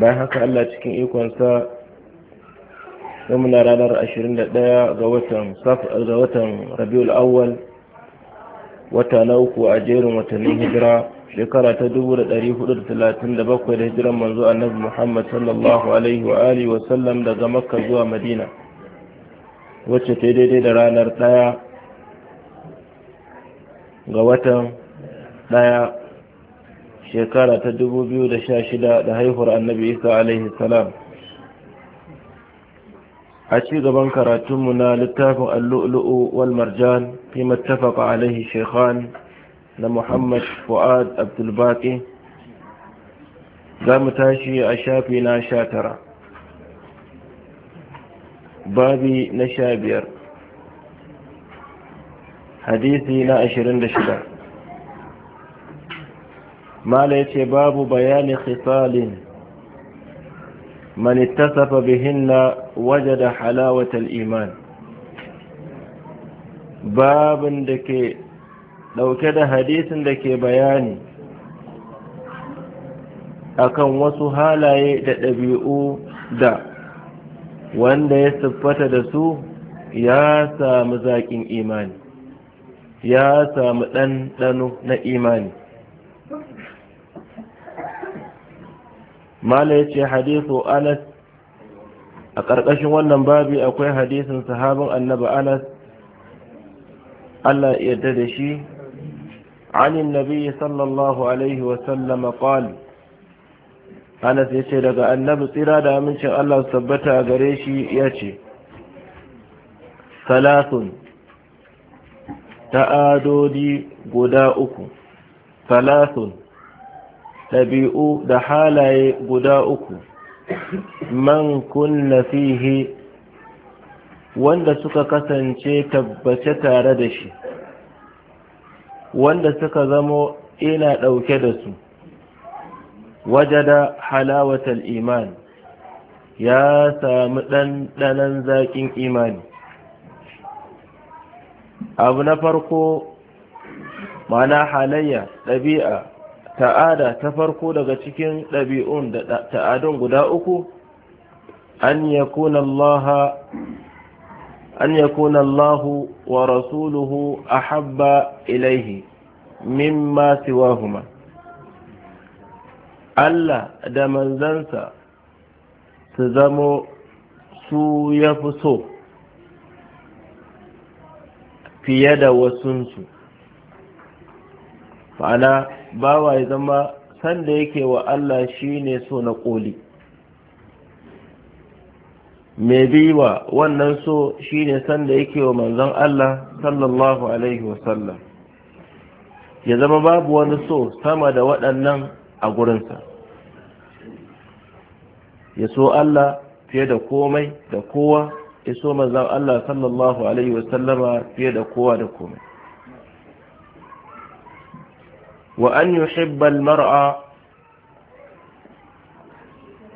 bayan haka Allah cikin ikonsa sai muna ranar 21 ga watan ga watan Rabiul Awwal wata na uku a jerin watannin hijira shekara ta 1437 da hijiran manzo Annabi Muhammad sallallahu alaihi wa alihi wa sallam daga Makka zuwa Madina wacce ta daidai da ranar 1 ga watan 1 shekara ta 2016 da haihuwar annabi isa alaihi salam a ci gaban karatunmu na littafin allu'lu'u wal marjan fi mattafaqa alaihi shekhan na muhammad fu'ad abdulbaki za mu tashi a shafi na sha tara babi na sha biyar hadisi na ashirin da shida mala ya ce babu bayani khisalin man ittasafa bihinna wajada halawatal iman babin da ke dauke da hadisin da ke bayani akan wasu halaye da ɗabi'u da wanda ya siffata da su ya samu zaƙin imani ya samu ɗanɗano na imani mala ya ce hadithu anas a ƙarƙashin wannan babi akwai hadithun sahabin Annabi anas allah yadda da shi anin nabi sallallahu alaihi wa wasallama ƙwal anas ya ce daga annabi tsira da amincin allah sabbata a gare shi yace. ce salasun ta'adodi guda uku salasun ɗabi'u da halaye guda uku man kunna fihi wanda suka kasance tabbace tare da shi wanda suka zamo ina ɗauke da su wajada halawatal iman ya sami ɗanɗanan zaƙin imani abu na farko mana halayya ɗabi'a ta'ada ta farko daga cikin ɗabi'un da ta'adun guda uku an yakuna Allah an yakuna Allah wa rasuluhu ahabba ilaihi mimma wahuma. Allah da manzansa su zamo su ya fi so fiye da wasunsu ma'ana bawa ya zama sanda yake wa Allah shi ne so na koli mai biwa wannan so shi shine sanda yake wa manzan Allah sallallahu alaihi wasallam ya zama babu wani so sama da waɗannan a gurinsa ya so Allah fiye da komai da kowa ya so manzan Allah sallallahu alaihi wasallama fiye da kowa da komai وأن يحب المرأة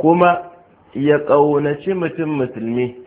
كما يقون شمة مسلمي